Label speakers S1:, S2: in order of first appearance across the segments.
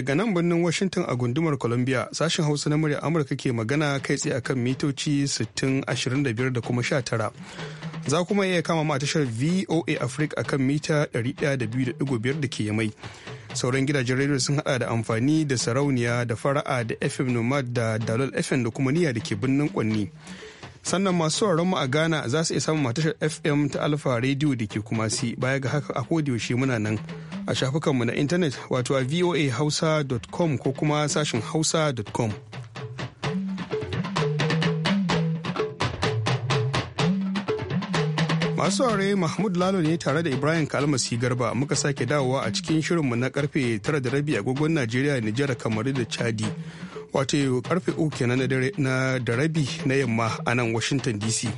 S1: daga nan birnin washington a gundumar columbia sashen hausa na murya amurka ke magana kai tsaye akan mitoci 6025 da kuma 19 za kuma iya kama ma tashar voa africa akan mita 102.5 da ke yamai sauran gidajen rediyo sun hada da amfani da sarauniya da fara'a da fm nomad da dalol fm da kuma niyya da ke birnin kwanni sannan masu mu a ghana za su iya samun matashar fm ta alfa radio da ke kumasi baya ga haka a yaushe muna nan a shafukanmu na intanet wato a voahausa.com ko kuma sashin hausa.com. masu saurare mahmud lalo ne tare da ibrahim kalmasi garba muka sake dawowa a cikin shirinmu na karfe 9:30 agogon najeriya nijar kamaru da chadi wato karfe na na yamma a nan washington dc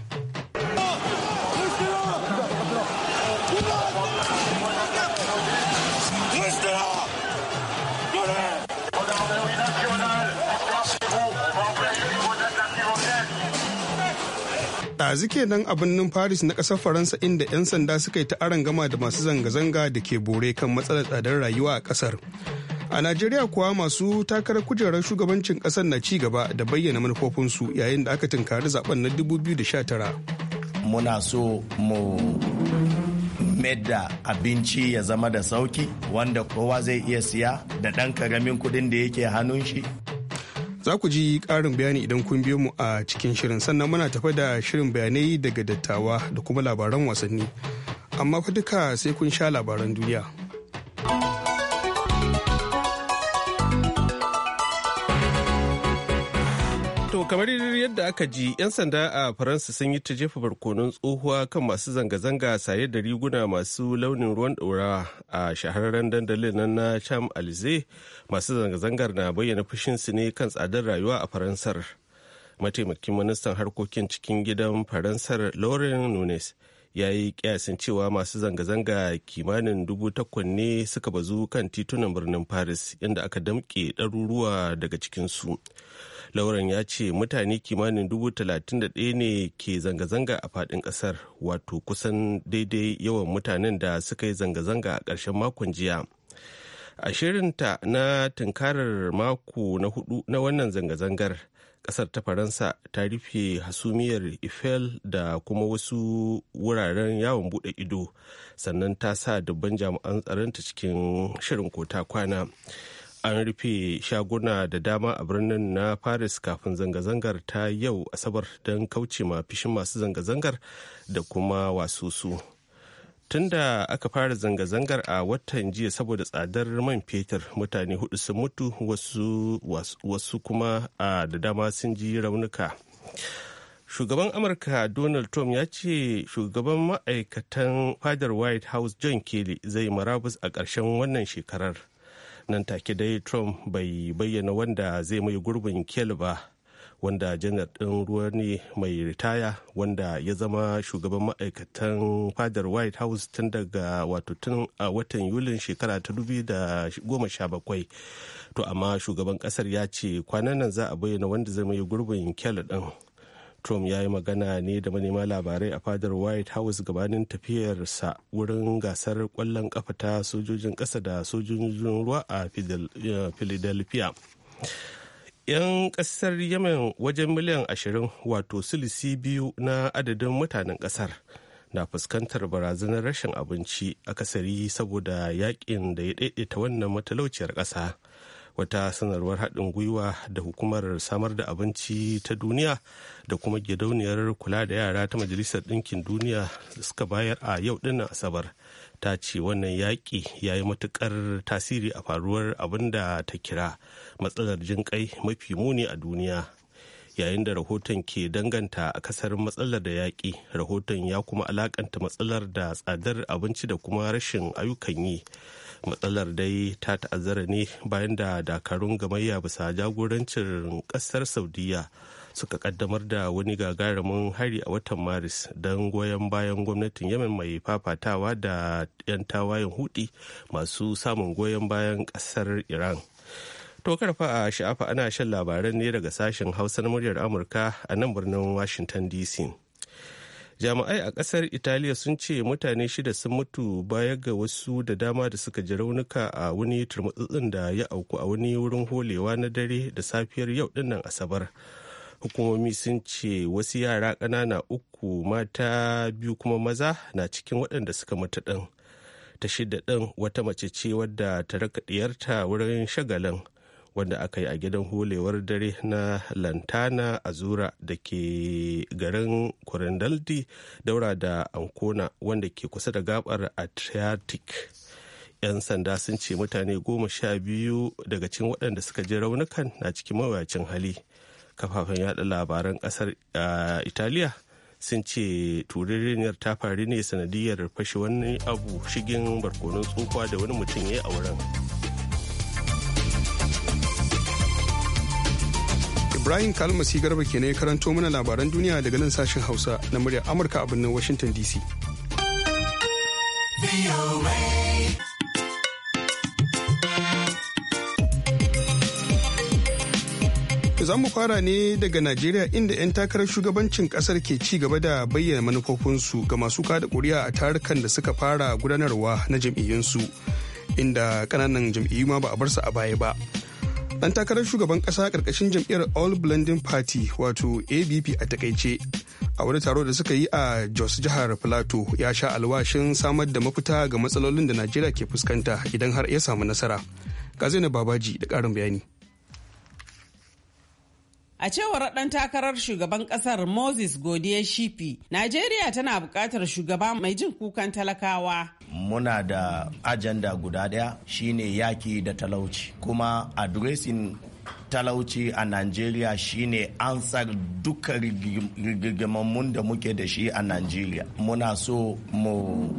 S1: ɗazu kenan a birnin paris na ƙasar faransa inda 'yan sanda suka yi ta gama da masu zanga-zanga da ke bore kan matsalar tsadar rayuwa a ƙasar a najeriya kuwa masu takarar kujerar shugabancin ƙasar na ci gaba da bayyana manufofinsu yayin da aka tunkari zaben na 2019
S2: muna so mu medda abinci ya zama da sauki wanda kowa zai iya siya da ɗan karamin kuɗin da yake hannun shi
S1: Za ku ji ƙarin bayani idan kun biyo mu a cikin shirin sannan muna tafa da shirin bayanai daga dattawa da kuma labaran wasanni. Amma fa duka sai kun sha labaran duniya.
S3: kamar yadda aka ji 'yan sanda a Faransa sun yi ta jefa barkonon tsohuwa kan masu zanga-zanga saye da riguna masu launin ruwan ɗorawa a shahararren dandalin nan na Cham Alize masu zanga-zangar na bayyana fushinsu ne kan tsadar rayuwa a Faransar. Mataimakin ministan harkokin cikin gidan Faransar Lauren Nunes ya yi kyasin cewa masu zanga-zanga kimanin dubu takwas ne suka bazu kan titunan birnin Paris inda aka damƙe ɗaruruwa daga cikinsu. su. lauren ya ce mutane kimanin dubu talatin da ɗaya ne ke zanga-zanga a faɗin ƙasar wato kusan daidai yawan mutanen da suka yi zanga-zanga a ƙarshen makon jiya a shirinta na tunkarar mako na hudu na wannan zanga-zangar kasar ta faransa ta rufe hasumiyar eiffel da kuma wasu wuraren yawon bude ido sannan ta sa dubban jami'an tsaronta cikin shirin kota kwana an rufe shaguna da dama a birnin na paris kafin zanga-zangar ta yau asabar don kauce ma fishin masu zanga-zangar da kuma wasusu tun da aka fara zanga-zangar a watan jiya saboda tsadar man fetur mutane hudu sun mutu wasu, wasu kuma a da dama sun ji raunuka shugaban amurka donald trump ya ce shugaban ma'aikatan fadar white house john kelly zai marabus a ƙarshen wannan shekarar nan take dai trump bai bayyana wanda zai mai gurbin kel ba wanda janar ɗin ruwa ne mai ritaya wanda ya zama shugaban ma'aikatan fadar white house tun daga wato tun a watan yulin shekara ta dubi da goma sha bakwai to amma shugaban ƙasar ya ce kwanan nan za a bayyana wanda zai mai gurbin kel ɗin Trump ya yi magana ne da manema labarai a fadar White House gabanin tafiyarsa wurin gasar kwallon kafa ta sojojin ƙasa da sojojin ruwa a eh, Philadelphia. 'Yan ƙasar Yemen wajen miliyan ashirin wato silisi biyu na adadin mutanen ƙasar na fuskantar barazanar rashin abinci a kasari saboda yakin da ya daidaita wannan matalauciyar ƙasa. wata sanarwar haɗin gwiwa da hukumar samar da abinci ta duniya da kuma gidauniyar kula da yara ta majalisar ɗinkin duniya suka bayar a yau ɗinnan asabar ta ce wannan yaƙi ya yi matuƙar tasiri a faruwar abin da ta kira matsalar jin jinƙai mafi muni a duniya yayin da rahoton ke danganta a kasar matsalar da yaƙi rahoton ya kuma alakanta matsalar da tsadar abinci da kuma rashin ayyukan yi matsalar dai ta ta'azzara ne bayan da dakarun gamayya bisa jagorancin kasar saudiya suka kaddamar da wani gagarumin hari a watan maris don goyon bayan gwamnatin yemen mai fafatawa da 'yan tawayen hudi masu samun goyon bayan kasar iran to karfa a sha'afa ana shan labaran ne daga sashen hausa na muryar amurka a nan birnin washington dc jami'ai a kasar italiya sun ce mutane shida sun mutu baya ga wasu da dama da suka ji raunuka a wani turmutsutsun da ya auku a wani wurin holewa na dare da safiyar yau dinnan asabar hukumomi sun ce wasu yara ƙanana uku mata biyu kuma maza na cikin waɗanda suka mutu ɗin ta shida ɗin wata mace ce wadda ta raka ɗiyarta wurin shagalin wanda aka yi a gidan holewar dare na lantana a zura da ke garin kurindaldi daura da ankona wanda ke kusa da gabar atriatic 'yan sanda sun ce mutane goma sha biyu daga cikin waɗanda suka ji raunukan na cikin mawuyacin hali kafafen yada labaran ƙasar italiya sun ce tuririyar ta faru ne sanadiyar fashe wani abu shigin barkonon tsufa da wani mutum ya yi a wurin.
S1: Ibrahim Kalmasi Garba ke ya karanto mana labaran duniya daga nan sashen Hausa na muryar Amurka a birnin Washington DC. Za mu fara ne daga Najeriya inda 'yan takarar shugabancin kasar ke ci gaba da bayyana manufofinsu ga masu kada kuri'a a tarukan da suka fara gudanarwa na jam'iyyunsu inda kananan jam'iyyu ma ba a bar su a baya ba. dan takarar shugaban kasa karkashin jam'iyyar all blending party wato abp a takaice a wani taro da suka yi a jos jihar plateau ya sha alwashin samar da mafita ga matsalolin da najeriya ke fuskanta idan har ya samu nasara ga na babaji da karin bayani
S4: A cewar ɗan takarar shugaban ƙasar Moses Godiye Shifi, Najeriya tana buƙatar shugaba mai jin kukan talakawa. Muna da ajanda
S2: guda ɗaya shine yaki da talauci, kuma adiresin talauci a Najeriya shine ansar duka rigimammun da muke da shi a Najeriya. Muna so mu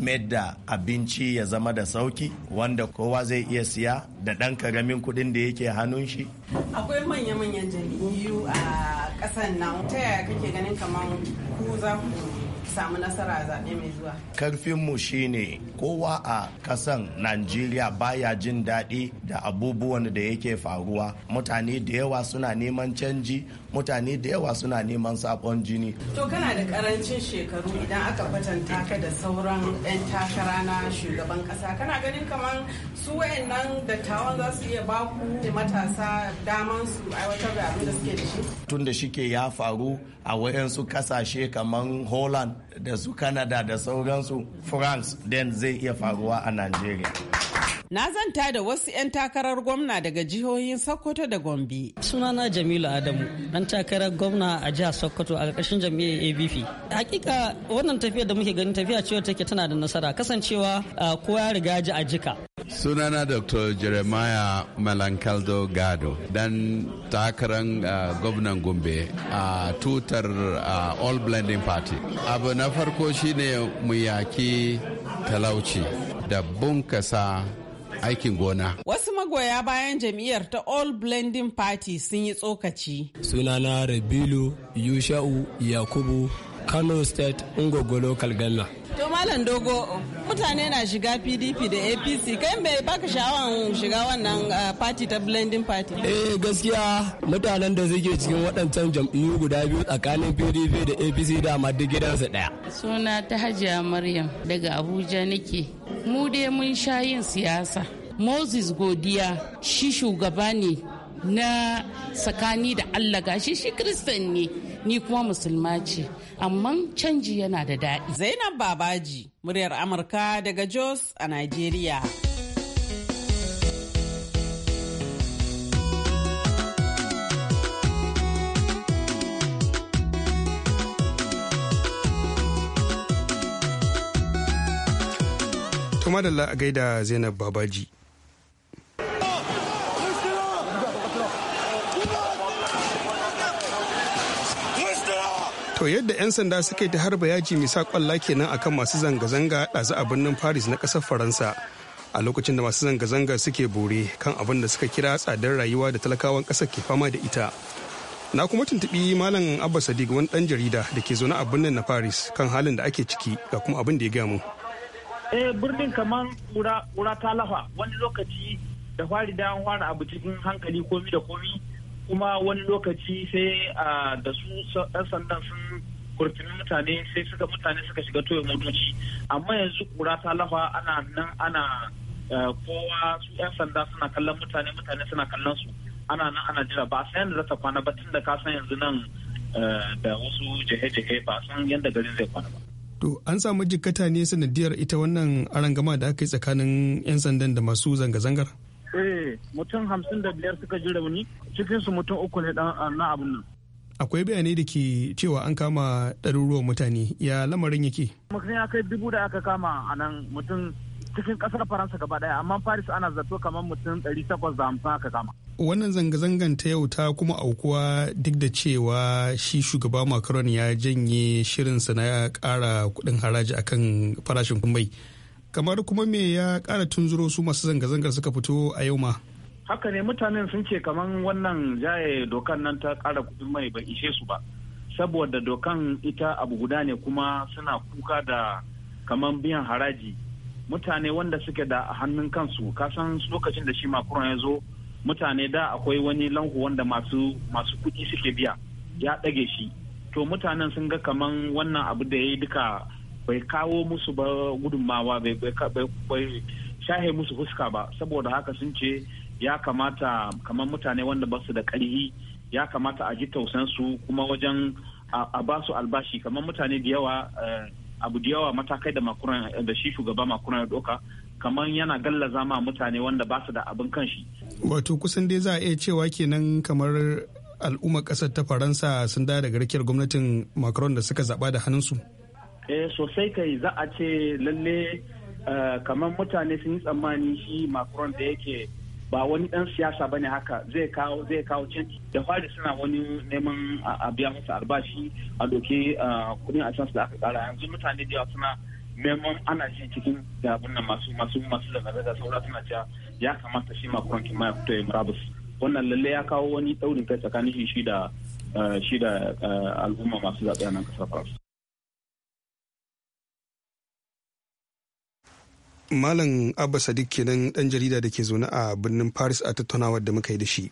S2: mayar da abinci ya zama da sauki wanda kowa zai iya siya da ɗan karamin kuɗin da yake hannun shi.
S4: Akwai manya-manyan jam'iyyu a ƙasar nan ta yaya kake ganin kamar ku za ku samu nasara a zaɓe mai zuwa.
S2: Karfinmu shine kowa a kasan Najeriya baya jin daɗi da abubuwan da yake faruwa. Mutane da yawa suna neman canji mutane da yawa suna neman sabon jini to kana
S4: da karancin shekaru idan aka kwatanta ka da sauran 'yan takara na shugaban kasa kana ganin kamar su wayannan dattawan za su iya baku matasa daman su aiwatar da abin da suke da shi
S2: tun da shike ya faru a wayansu kasashe kamar holland da su canada da sauransu france den zai iya faruwa a nigeria
S4: Na zanta da wasu 'yan takarar gwamna daga jihohin Sokoto da Gombe. Sunana Jamilu Adamu, dan takarar gwamna a jihar Sokoto a ƙarƙashin jam'iyyar ABP. Hakika wannan tafiyar da muke gani tafiya ce take tana da nasara kasancewa kowa ya riga ji a jika.
S2: Sunana Dr. Jeremiah Malankaldo Gado, dan takarar gwamnan Gombe a tutar All Blending Party. Abu na farko shine mu yaki talauci da bunkasa aikin gona.
S4: Wasu magoya bayan jam'iyyar ta All Blending Party sun yi tsokaci.
S2: Sunana Rabilu Yusha'u Yakubu Kano State Ngogo Local Ghana.
S4: To Malam Dogo, mutane na shiga PDP da APC, kai me baka sha'awan shiga wannan uh, party ta blending party? Eh
S2: gaskiya mutanen da suke cikin waɗancan jam'iyyu guda biyu tsakanin PDP da APC da duk gidansu ɗaya.
S4: Suna ta Hajiya Maryam daga Abuja nake. mu dai mun sha yin siyasa moses godiya shi shugaba ne na tsakani da allah gashi shi kristan ne ni kuma musulma ce amma canji yana da daɗi zainab babaji muryar amurka daga jos a nigeria
S1: kuma da gaida Zainab Babaji. To yadda 'yan sanda suka ta harba yaji mai kwalla kenan akan masu zanga-zanga ɗazu a birnin Paris na ƙasar Faransa. A lokacin da masu zanga-zanga suke bore kan abin da suka kira tsadar rayuwa da talakawan ƙasar ke fama da ita. Na kuma tuntuɓi Malam Abba Sadiq wani ɗan jarida da ke zaune a birnin na Paris kan halin da ake ciki ga kuma abin da ya gamu.
S5: eh birnin kamar kura ta lafa wani lokaci da fari da fara abu cikin hankali komi da komi kuma wani lokaci sai da su ɗan sandan sun kurtumi mutane sai suka mutane suka shiga toye motoci amma yanzu kura ta lafa ana nan ana eh, kowa su ɗan sanda suna kallon mutane mutane suna kallon su ana nan ana jira ba a san yadda za ta kwana ba tun da ka san yanzu nan
S6: eh, da wasu jihe-jihe ba
S5: san yadda garin zai kwana ba.
S1: To an samu jikkata ne sanadiyar ita wannan arangama da aka yi tsakanin 'yan sandan da masu zanga-zangar?
S5: Eh, mutum hamsin da biyar suka ji rauni cikinsu mutum uku ne ah, na abin nan.
S1: Akwai bayanai da ke cewa an kama ɗaruruwan mutane ya lamarin yake.
S5: Mutum ya kai dubu da aka kama a nan mutum cikin kasar faransa gaba daya amma paris ana zato kamar mutum 850 haka kama
S1: wannan zanga-zangan ta yau ta kuma aukuwa duk da cewa shi shugaba macron ya janye shirinsa na kara kudin haraji akan farashin kumbai kamar kuma me ya kara tunzuro su masu zanga-zangar suka fito a yau ma
S5: haka ne mutanen sun ce kamar wannan jaye dokan nan ta kara kudin mai bai ishe su ba saboda dokan ita abu guda ne kuma suna kuka da kamar biyan haraji mutane wanda suke da hannun kansu kasan lokacin da shi makuron ya zo mutane da akwai wani lanhu wanda masu masu kuɗi suke biya ya ɗage shi to mutanen sun ga kaman wannan abu da ya yi duka bai kawo musu ba gudunmawa bai shahe musu fuska ba saboda haka sun ce ya kamata kamar mutane wanda ba su da ƙarfi ya kamata a ji tausansu kuma wajen a ba su albashi kamar mutane da yawa eh, abu da yawa matakai da makuran da shi shugaba makuran ya doka kamar yana gallaza ma mutane wanda ba su da abin kan shi
S1: wato kusan dai za a iya cewa kenan kamar al'ummar kasar ta faransa sun da daga rikiyar gwamnatin macron da suka zaba da
S6: hannunsu
S5: eh sosai kai za a ce lalle eh, kamar mutane sun yi tsammani shi macron da yake ba wani dan siyasa bane haka zai kawo zai kawo canji da fari suna wani neman a biya masa albashi a doke kudin a da aka kara yanzu mutane da yawa suna neman ana shi cikin da nan masu masu masu da da saura suna cewa ya kamata shi makuran kima ya fito ya murabus wannan lalle ya kawo wani daurin kai tsakanin shi da shi da al'umma masu zaɓe a nan kasar faransa.
S1: malam abba sadiq kenan dan jarida da ke zaune a birnin paris a tattaunawar da muka yi da shi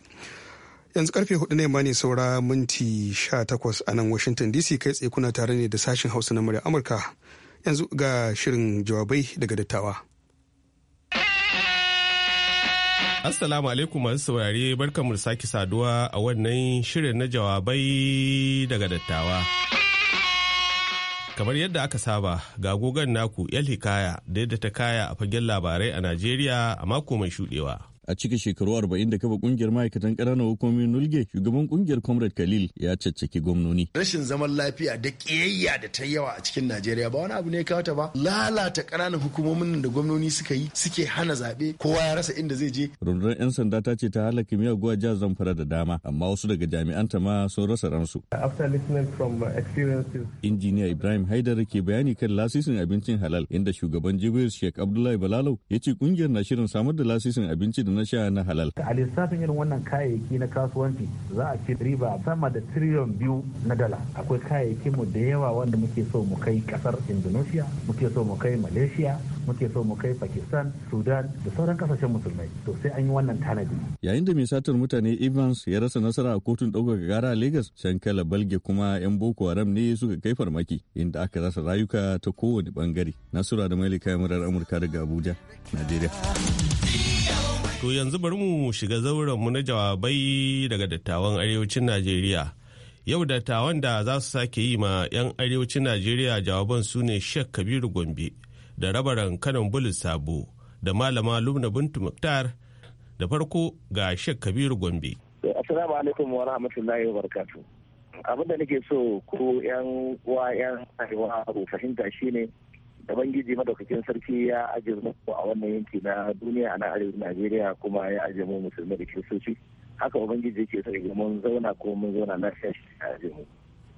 S1: yanzu karfe hudu na ma ne saura minti sha takwas a nan washington dc kai tsaye kuna tare ne da sashen hausa na murya amurka yanzu ga shirin jawabai daga dattawa
S3: assalamu alaikum masu saurare barkamu da sake saduwa a wannan shirin na jawabai daga dattawa kamar yadda aka saba ga gogon naku yal hikaya da yadda ta kaya a fagen labarai
S6: a najeriya a mako mai shudewa a cikin shekaru 40 da kafa kungiyar ma'aikatan ƙananan hukumomi nulge shugaban kungiyar comrade khalil ya caccaki gwamnoni
S2: rashin zaman lafiya da ƙiyayya da ta yawa a cikin najeriya ba wani abu ne kawo ta ba lalata ƙananan hukumomin da gwamnoni suka yi suke hana zaɓe kowa ya
S6: rasa inda zai je rundunar 'yan sanda ta ce ta halaka miyaguwa jihar zamfara da dama amma wasu daga jami'an ta ma sun rasa ransu
S2: uh,
S6: injiniya ibrahim haidar ke bayani kan lasisin abincin halal inda shugaban jibril sheikh abdullahi balalau ya ce kungiyar na shirin samar da lasisin abinci da na sha na halal.
S5: A lissafin irin wannan kayayyaki na kasuwanci za a ci riba sama da tiriyon biyu na dala. Akwai kayayyaki mu da yawa wanda muke so mu kai kasar Indonesia, muke so mu kai Malaysia, muke so mu kai Pakistan, Sudan da sauran kasashen musulmai. To sai an yi wannan tanadi.
S6: Yayin da mai satar mutane Evans ya rasa nasara a kotun ɗaukaka gara a Lagos, Shankala Balge kuma 'yan Boko Haram ne suka kai farmaki inda aka rasa rayuka ta kowane bangare. Nasura da Malika Yamurar Amurka daga Abuja, Najeriya.
S3: To yanzu bari mu shiga zaurenmu na jawabai daga dattawan arewacin Najeriya. Yau dattawan da za su sake yi ma 'yan arewacin Najeriya jawaban su ne Sheikh Kabiru Gombe da rabaran kanan bulus sabo da malama Lumna Bintu Muktar da farko ga Sheikh Kabiru Gombe.
S7: Assalamu alaikum wa rahmatullahi wa barakatuh. Abin da nake so ko 'yan uwa 'yan arewa fahimta shine da bangiji madaukakin sarki ya ajiye mu a wannan yanki na duniya a na arewacin najeriya kuma ya ajiye mu musulmi da kiristoci haka ubangiji yake so mun zauna ko mun zauna na shashi a ajiye mu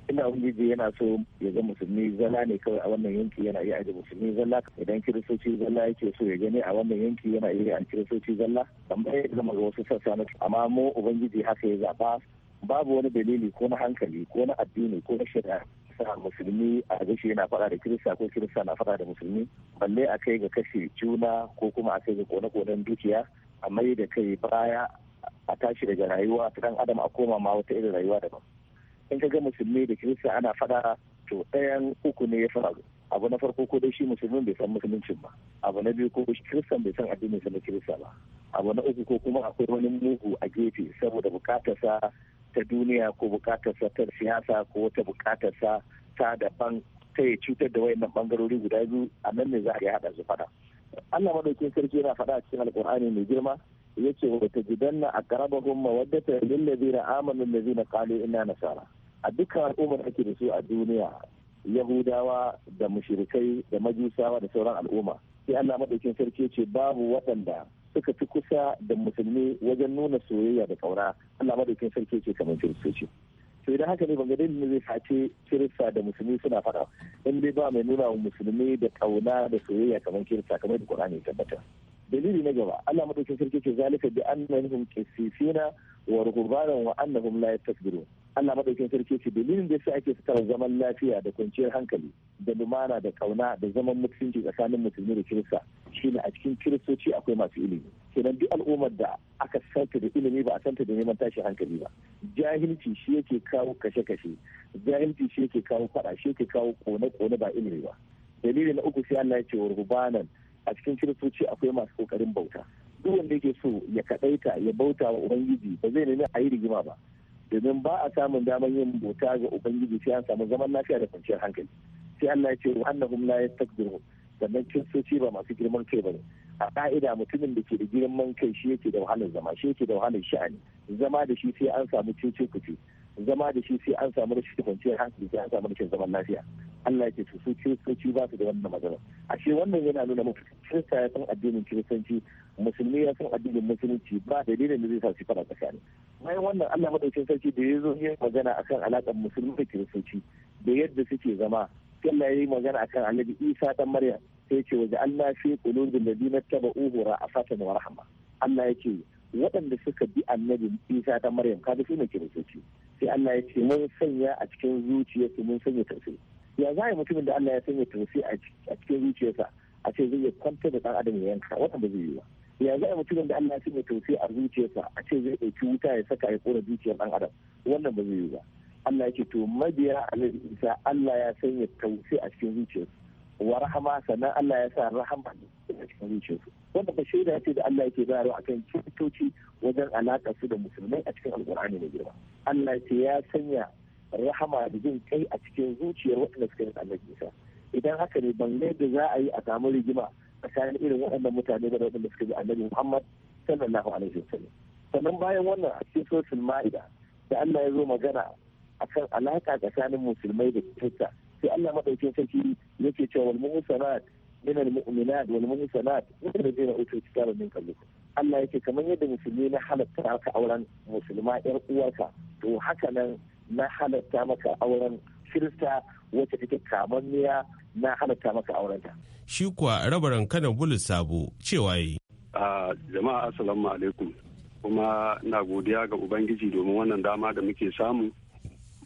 S7: inda ubangiji yana so ya ga musulmi zalla ne kawai a wannan yanki yana iya ajiye musulmi zalla idan kiristoci zalla yake so ya gani a wannan yanki yana iya an kiristoci zalla amma ya zama ga wasu sassa na amma mu ubangiji haka ya zaba babu wani dalili ko na hankali ko na addini ko na shari'a kirista musulmi a gashi yana faɗa da kirista ko kirista na faɗa da musulmi balle a kai ga kashe juna ko kuma a kai ga kone-konen dukiya a mai da kai baya a tashi daga rayuwa ta dan adam a koma ma wata irin rayuwa daban in ka ga musulmi da kirista ana faɗa to ɗayan uku ne ya faru abu na farko ko dai shi musulmin bai san musuluncin ba abu na biyu ko kiristan bai san addinin sa na kirista ba abu na uku ko kuma akwai wani mugu a gefe saboda bukatarsa ta duniya ko bukatarsa ta siyasa ko wata bukatarsa ta daban kai ya cutar da wayannan bangarori guda biyu a nan ne za a yi haɗa su fada Allah madaukin sarki yana faɗa a cikin alkur'ani mai girma yace wa tajidanna aqrabahum mawaddatan lil ladina amanu lil ladina qalu inna nasara a dukkan al'ummar ake da su a duniya yahudawa da mushrikai da majusawa da sauran al'umma sai Allah madaukin sarki yace babu waɗanda suka fi kusa da musulmi wajen nuna soyayya da kaura Allah madaukin sarki yace kamar kiristoci to idan haka ne ban ga ne zai face kirista da musulmi suna faɗa in dai ba mai nuna wa musulmi da kauna da soyayya kamar kirista kamar da qur'ani tabbata dalili na gaba Allah madaukakin sarki ke zalika bi annahum qissifina wa ruhbanan wa annahum la yastakbirun Allah madaukakin sarki ce dalilin da sai ake fitar zaman lafiya da kwanciyar hankali da lumana da kauna da zaman mutunci tsakanin musulmi da kirista shine a cikin kiristoci akwai masu ilimi kenan duk al'ummar da aka santa da ilimi ba a santa da neman tashi hankali ba jahilci shi yake kawo kashe-kashe jahilci shi yake kawo fada shi yake kawo kone-kone ba ilimi ba dalilin na uku sai Allah ya ce wa rubanan a cikin kiristoci akwai masu kokarin bauta duk wanda yake so ya kadaita ya bauta wa ubangiji ba zai nemi a yi rigima ba domin ba a samun damar yin bauta ga ubangiji sai an samu zaman lafiya da kwanciyar hankali sai Allah ya ce wa annahum la yastakbiru sannan kiristoci ba masu girman kai ba ne a ka'ida mutumin da ke da girman kai shi yake da wahalar zama shi yake da wahalar sha'ani zama da shi sai an samu cece kuce zama da shi sai an samu rashin kwanciyar hankali sai an samu rashin zaman lafiya Allah ya ce su su kiristoci ba su da wannan matsala shi wannan yana nuna mutu kirista ya san addinin kiristanci musulmi ya san addinin musulunci ba dalilin da zai sa su fara tsakani bayan wannan Allah madaukakin sarki da ya zo yin magana akan alakan musulmi da kiristoci da yadda suke zama Allah ya yi magana akan Annabi Isa dan Maryam sai ce waje Allah fi qulubil ladina tabauhu ra'afatan wa rahma Allah yake waɗanda suka bi annabi Isa ta Maryam kaga su ne kiristoci sai Allah ya ce mun sanya a cikin zuciyarsu mun sanya tausayi ya za a mutumin da Allah ya sanya tausayi a cikin zuciyarsa a ce zai kwanta da ɗan adam ya yanka zai yi ba ya za a mutumin da Allah ya sanya tausayi a zuciyarsa a ce zai ɗauki wuta ya saka ya kora zuciyar ɗan adam wannan ba zai yi ba Allah ya ce to mabiya annabi Isa Allah ya sanya tausayi a cikin zuciyarsa wa rahama sannan Allah ya sa rahama a cikin zuciyarsu wanda ba shaida ce da Allah yake bayarwa akan kiristoci wajen alaƙa su da musulmai a cikin alƙur'ani mai girma Allah ce ya sanya rahama da jin kai a cikin zuciyar waɗanda suka yi annabi Isa idan haka ne ban da za a yi a samu rigima tsakanin irin waɗannan mutane da waɗanda suka bi annabi Muhammad sallallahu alaihi wasallam sannan bayan wannan a cikin suratul ma'ida da Allah ya zo magana akan alaƙa tsakanin musulmai da kyauta sai Allah madaukakin sarki yake cewa wal muhsanat min al mu'minat wal muhsanat wal zina utu kitaba min qablikum Allah yake kamar yadda musulmi na halatta maka auren musulma yar uwarka to haka nan na halatta maka auren kirista wacce take kamanniya na halatta maka aurenta
S8: shi kuwa rabaran kana bulus sabo cewa yi a jama'a assalamu alaikum kuma na godiya ga ubangiji domin wannan dama da muke samu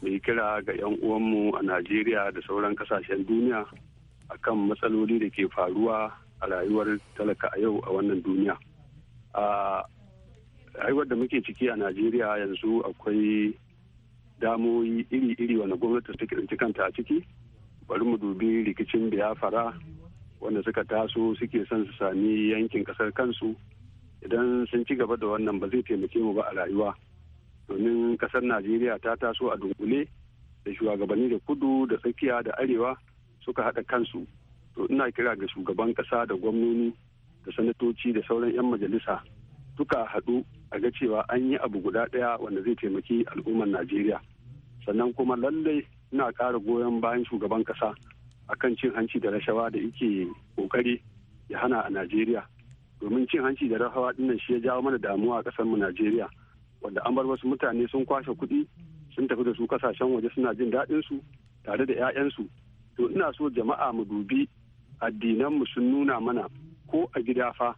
S8: mu yi kira ga 'yan uwanmu a najeriya da sauran kasashen duniya akan matsaloli da ke faruwa a rayuwar talaka a yau a wannan duniya a rayuwar da muke ciki a najeriya yanzu akwai damoyi iri-iri wanda gwamnati ta kiranci kanta a ciki bari mu dubi rikicin biyafara wanda suka taso suke son su sami yankin kasar kansu idan sun ci gaba da wannan ba zai taimake mu ba a rayuwa domin kasar najeriya ta taso a dunkule da shugabanni da kudu da tsakiya da arewa suka haɗa kansu to ina kira ga shugaban ƙasa da gwamnoni da sanatoci da sauran 'yan majalisa duka haɗu a ga cewa an yi abu guda ɗaya wanda zai taimaki al'ummar najeriya sannan kuma lallai ina kara goyon bayan shugaban ƙasa akan cin hanci da rashawa da yake ƙoƙari ya hana a najeriya domin cin hanci da rashawa nan shi ya jawo mana damuwa a ƙasarmu najeriya wanda an bar wasu mutane sun kwashe kuɗi sun tafi da su kasashen waje suna jin daɗin su tare da 'ya'yansu to ina so jama'a mu dubi addinanmu sun nuna mana ko a gida fa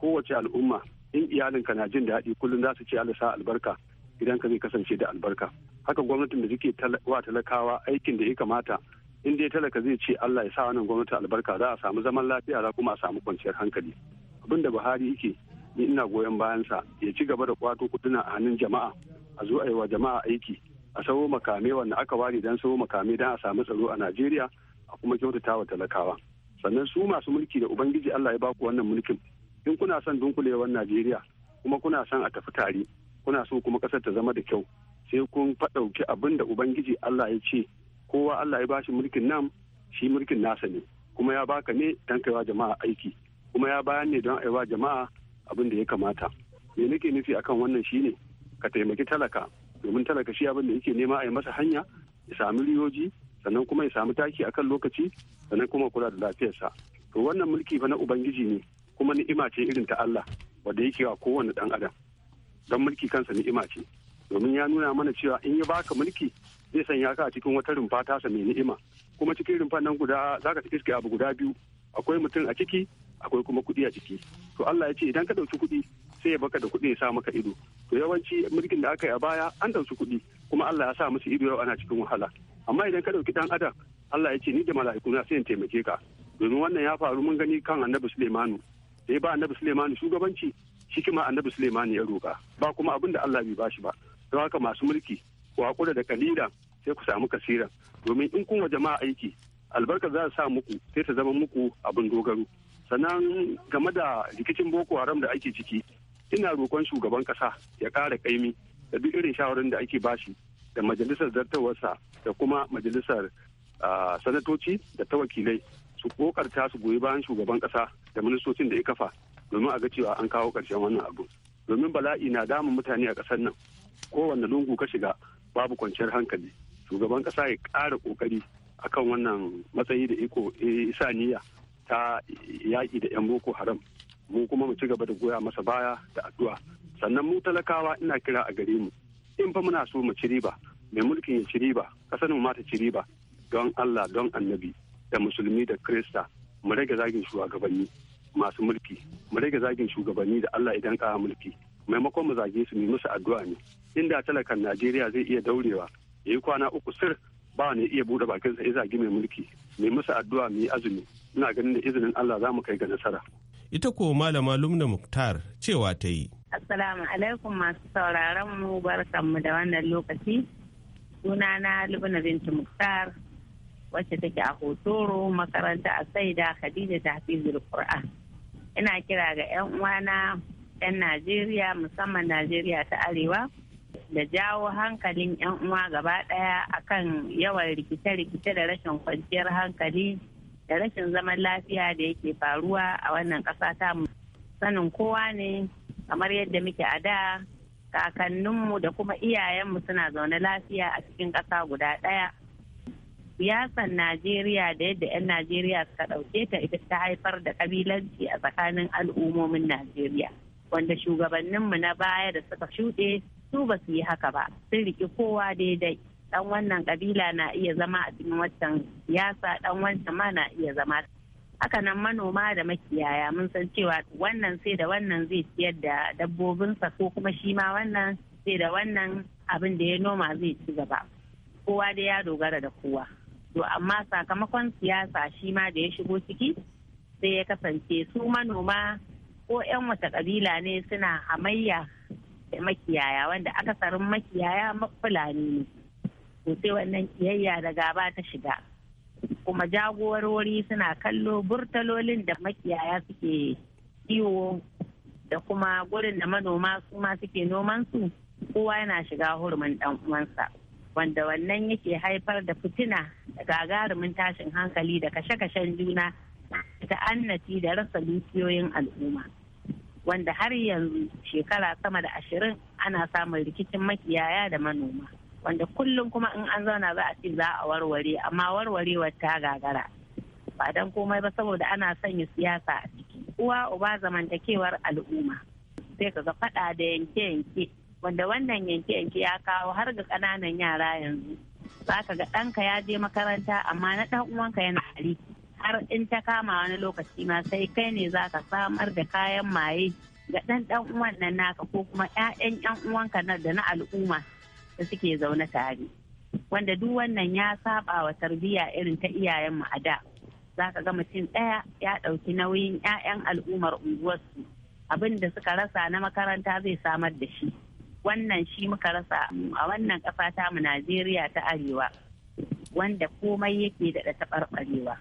S8: kowace al'umma in iyalinka na jin daɗi kullum za su ce Allah sa albarka ka zai kasance da albarka haka gwamnatin da suke wa talakawa aikin da ya kamata in dai talaka zai ce Allah ya sa wannan gwamnati albarka za a samu zaman lafiya za kuma a samu kwanciyar hankali abin da Buhari yake ni ina goyon bayansa ya ci gaba da kwato kuduna a hannun jama'a a zo a yi wa jama'a aiki a sauro makame wanda aka ware don sauro makame don a samu tsaro a najeriya a kuma kyautata wa talakawa sannan su masu mulki da ubangiji allah ya baku wannan mulkin in kuna son dunkulewar najeriya kuma kuna son a tafi tare kuna so kuma kasar ta zama da kyau sai kun faɗauki abin da ubangiji allah ya ce kowa allah ya bashi mulkin nan shi mulkin nasa ne kuma ya baka ne don kaiwa jama'a aiki kuma ya bayan ne don aiwa jama'a abin da ya kamata me nake nufi akan wannan shine ka taimaki talaka domin talaka shi abin da yake nema a yi masa hanya ya sami riyoji sannan kuma ya sami taki akan lokaci sannan kuma kula da lafiyarsa to wannan mulki fa na ubangiji ne kuma ni'ima ce irin ta Allah wanda yake wa kowane dan adam don mulki kansa ni'ima ce domin ya nuna mana cewa in ya baka mulki zai sanya ka a cikin wata rumfa tasa mai ni'ima kuma cikin rumfan nan guda zaka iske abu guda biyu akwai mutum a ciki akwai kuma kuɗi a ciki to Allah ya ce idan ka ɗauki kuɗi sai ya baka da kuɗi ya sa maka ido to yawanci mulkin da aka yi a baya an ɗauki kuɗi kuma Allah ya sa musu ido yau ana cikin wahala amma idan ka ɗauki dan adam Allah ya ce ni da mala'iku na sai in taimake ka domin wannan ya faru mun gani kan annabi Suleimanu sai ba annabi Sulaimanu shugabanci shi kuma annabi Sulaimanu ya roka. ba kuma abin da Allah bai shi ba don haka masu mulki ku hakura da kalila sai ku samu kasira domin in kun wa jama'a aiki albarka za ta sa muku sai ta zama muku abin dogaro sannan game da rikicin boko haram da ake ciki ina roƙon shugaban ƙasa ya ƙara kaimi da duk irin shawarar da ake bashi da majalisar zartawarsa da kuma majalisar sanatoci da ta wakilai su kokarta su goyi bayan shugaban ƙasa da ministocin da ya kafa domin a ga cewa an kawo ƙarshen wannan abu domin bala'i na damun mutane a ƙasar nan kowanne lungu ka shiga babu kwanciyar hankali shugaban ƙasa ya ƙara ƙoƙari akan wannan matsayi da iko isa niyya ta yaƙi da 'yan boko haram mu kuma mu ci gaba da goya masa baya da addu'a sannan mu talakawa ina kira a gare mu in fa muna so mu ci riba mai mulkin ya ci riba kasar mu mata ci riba don Allah don annabi da musulmi da krista mu rage zagin shugabanni masu mulki mu rage zagin shugabanni da Allah idan ka mulki maimakon mu zage su mu musu addu'a ne inda talakan Najeriya zai iya daurewa yayi kwana uku sir ba ne iya buɗe bakin sa ya mai mulki mai musu addu'a muyi azumi ina ganin da izinin Allah za mu kai ga nasara
S3: ita ko malama Lumna Muktar cewa ta yi
S9: Assalamu alaikum masu sauraron mu mu da wannan lokaci sunana Lubna binti Muktar wacce take a hotoro makaranta a saida Khadija Tahfizul Qur'an ina kira ga 'yan uwana 'yan Najeriya musamman Najeriya ta Arewa da jawo hankalin 'yan uwa gaba ɗaya kan yawan rikice-rikice da rashin kwanciyar hankali da rashin zaman lafiya da yake faruwa a wannan kasa ta sanin kowa ne kamar yadda muke a da kakanninmu da kuma iyayenmu suna zaune lafiya a cikin kasa guda daya. siyasar Najeriya da yadda 'yan Najeriya suka dauke ta ita ta haifar da kabilanci a tsakanin al'ummomin Najeriya. Wanda shugabanninmu na baya da suka shuɗe su ba su yi haka ba sun riki kowa daidai dan wannan kabila na iya zama a cikin wancan siyasa dan wancan ma na iya zama haka nan manoma da makiyaya mun san cewa wannan sai da wannan zai ciyar da dabbobinsa ko kuma shi ma wannan sai da wannan abin da ya noma zai ci gaba kowa dai ya dogara da kowa to amma sakamakon siyasa shi ma da ya shigo ciki sai ya kasance su manoma ko 'yan wata kabila ne suna hamayya makiyaya wanda akasarin makiyaya fulani ne to sai wannan kiyayya da gaba ta shiga kuma jagowar wuri suna kallo burtalolin da makiyaya suke kiwo da kuma gurin da manoma su ma suke nomansu kowa yana shiga hurumin dan uwansa wanda wannan yake haifar da fitina da gagarumin tashin hankali da kashe-kashen juna da ta'annati da rasa dukiyoyin al'umma. wanda har yanzu shekara sama da ashirin ana samun rikicin makiyaya da manoma wanda kullum kuma in an zauna za a ce za a warware amma warwarewar ta gagara ba dan komai ba saboda ana sanya siyasa a ciki uwa uba zamantakewar al'umma sai ka ga faɗa da yanke-yanke wanda wannan yanke-yanke ya kawo har ga ƙananan yara yanzu za ka ga ɗanka ya je makaranta amma na ɗan uwanka yana aliki har in ta kama wani lokaci ma sai kai ne za ka samar da kayan maye ga ɗan ɗan uwan nan naka ko kuma 'ya'yan 'yan uwanka na da na al'umma da suke zaune tare wanda duk wannan ya saba wa tarbiyya irin ta iyayen mu a da za ka ga mutum ɗaya ya ɗauki nauyin ƴaƴan al'ummar unguwarsu abin da suka rasa na makaranta zai samar da shi wannan shi muka rasa a wannan ƙasa ta mu najeriya ta arewa wanda komai yake da taɓarɓarewa.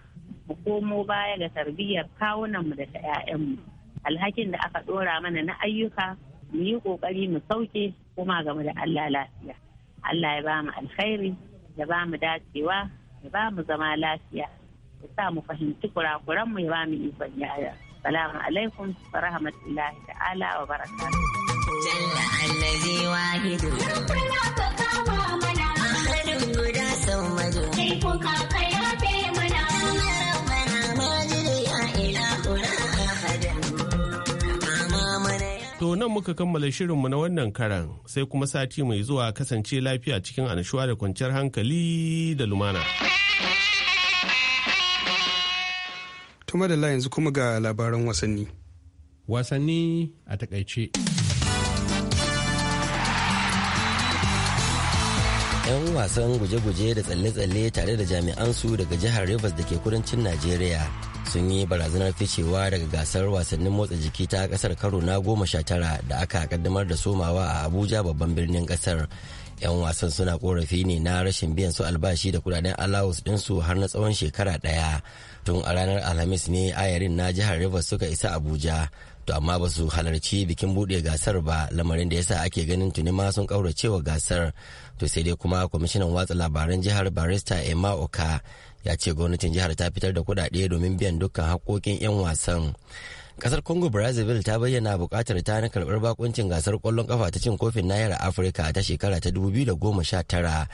S9: mu komo baya ga tarbiyyar kawunanmu da ta 'ya'yanmu alhakin da aka ɗora mana na ayyuka mu yi ƙoƙari mu sauke kuma game da Allah lafiya Allah ya ba mu alkhairi ya ba mu dacewa ya ba mu zama lafiya ya sa mu fahimci kurakuranmu ya ba mu ikon yaya salamu alaikum wa rahmatullahi ta'ala wa barakatuh jalla allazi wahidu
S3: muka kammala shirinmu na wannan karan sai kuma sati mai zuwa kasance lafiya cikin annashuwa da kwanciyar hankali da lumana. Tuma
S1: da yanzu kuma ga labaran wasanni. Wasanni
S10: a takaice. 'Yan wasan guje-guje da tsalle-tsalle tare da jami'ansu daga jihar Rivers da ke kudancin Najeriya sun yi barazanar ficewa daga gasar wasannin motsa jiki ta kasar karo na goma sha tara da aka kaddamar da somawa a abuja babban birnin kasar yan wasan suna korafi ne na rashin biyan su albashi da kudaden allowance dinsu har na tsawon shekara daya tun a ranar alhamis ne ayarin na jihar rivers suka isa abuja to amma ba su halarci bikin buɗe gasar ba lamarin da yasa ake ganin tuni ma sun wa gasar to sai dai kuma kwamishinan watsa labaran jihar barista emma oka ya ce gwamnatin jihar ta fitar da kuɗaɗe domin biyan dukkan haƙoƙin 'yan wasan ƙasar congo brazzaville ta bayyana bukatar ta na karbar bakuncin gasar kwallon ƙafa ta cin kofin nahiyar afirka ta shekara ta 2019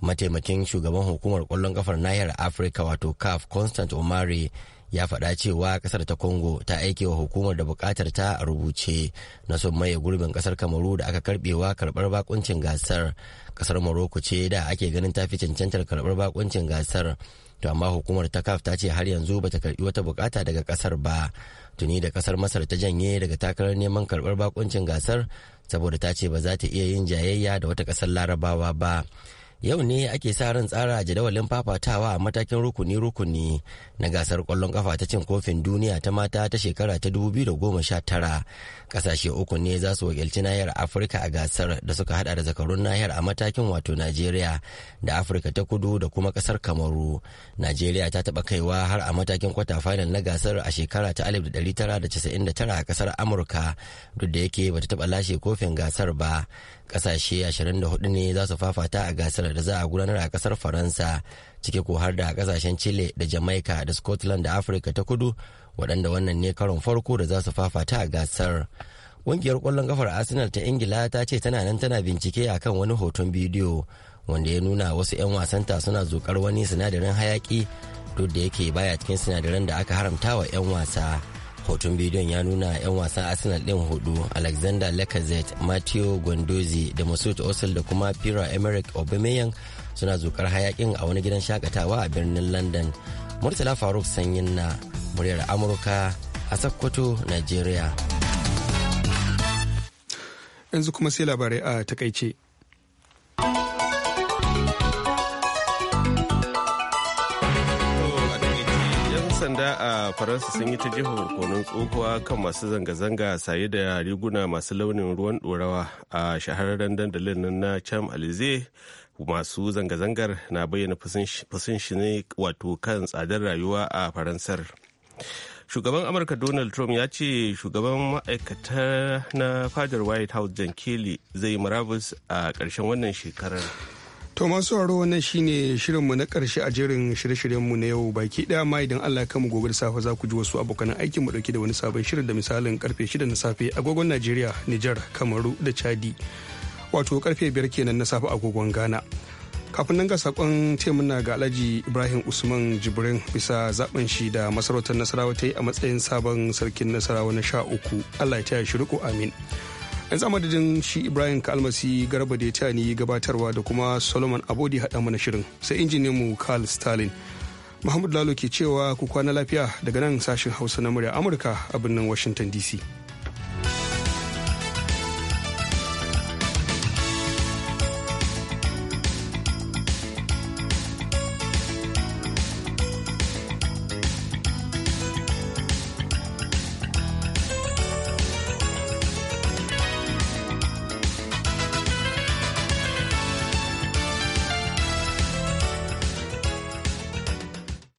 S10: mataimakin shugaban hukumar kwallon kafar nahiyar afirka wato caf constant omari ya faɗa cewa kasar ta congo ta aike wa hukumar da bukatar ta a rubuce na son maye gurbin ƙasar kamaru da aka karbewa karbar bakuncin gasar ƙasar morocco ce da ake ganin ta fi cancantar karɓar bakuncin gasar to amma hukumar ta kaf ta ce har yanzu ba ta karbi wata bukata daga kasar ba tuni da kasar masar ta janye daga takarar neman karbar bakuncin gasar saboda ta ce ba za ta iya yin jayayya da wata kasar larabawa ba yau ne ake sa ran tsara jadawalin fafatawa a matakin rukuni-rukuni na gasar kwallon kafa ta cin kofin duniya ta mata ta shekara ta 2019 kasashe uku ne za su wakilci nahiyar afirka a gasar da suka hada da zakarun nahiyar a matakin wato najeriya da afirka ta kudu da kuma kasar kamaru najeriya ta taba kaiwa har a matakin kwata final na gasar a shekara ta 1999 a kasar amurka duk da yake bata taba lashe kofin gasar ba kasashe 24 ne za su fafata a gasar da za a gudanar a kasar faransa ciki ko har da kasashen chile da jamaica da scotland da afirka ta kudu waɗanda wannan ne karon farko da za su fafata a gasar ƙungiyar ƙwallon kafar arsenal ta ingila ta ce tana nan tana bincike akan wani hoton bidiyo wanda ya nuna wasu 'yan wasanta suna zukar wani sinadarin hayaki duk da yake baya cikin sinadaran da aka haramta wa 'yan wasa hoton bidiyon ya nuna 'yan wasan arsenal din hudu alexander lacazette matteo gondozi da masut osil da kuma pira emerick aubameyang suna zukar hayakin a wani gidan shakatawa a birnin london murtala faruk sanyin na muryar amurka a sokoto nigeria yanzu kuma sai labarai a takaice
S3: sanda a Faransa sun yi ta jiho konin tsohuwa kan masu zanga-zanga saye da riguna masu launin ruwan ɗorawa a shahararren dandalin nan na Cham Alize masu zanga-zangar na bayyana fusun shi ne wato kan tsadar rayuwa a Faransar. shugaban amurka donald trump ya ce shugaban ma'aikata na fadar white house jan kelly zai murabus a ƙarshen wannan shekarar
S1: To masu sauraro wannan shine shirinmu na karshe a jerin shirye-shiryenmu na yau baki daya ma idan Allah ya kama gobe da safe za ku ji wasu abokan aikin mu dauke da wani sabon shirin da misalin karfe 6 na safe agogon Najeriya, Nijar, Kamaru da Chadi. Wato karfe 5 kenan na safe agogon Ghana. kafin nan ga sakon muna ga alhaji ibrahim usman jibrin bisa zaben shi da masarautar nasarawa ta yi a matsayin sabon sarkin nasarawa na sha uku allah ya taya shi riko amin yanzu madadin shi ibrahim kalmasi garba da ya ni gabatarwa da kuma solomon abodi haɗa mana shirin sai mu carl stalin muhammadu lalo ke cewa ku kwana lafiya daga nan sashen hausa na murya amurka a birnin washington dc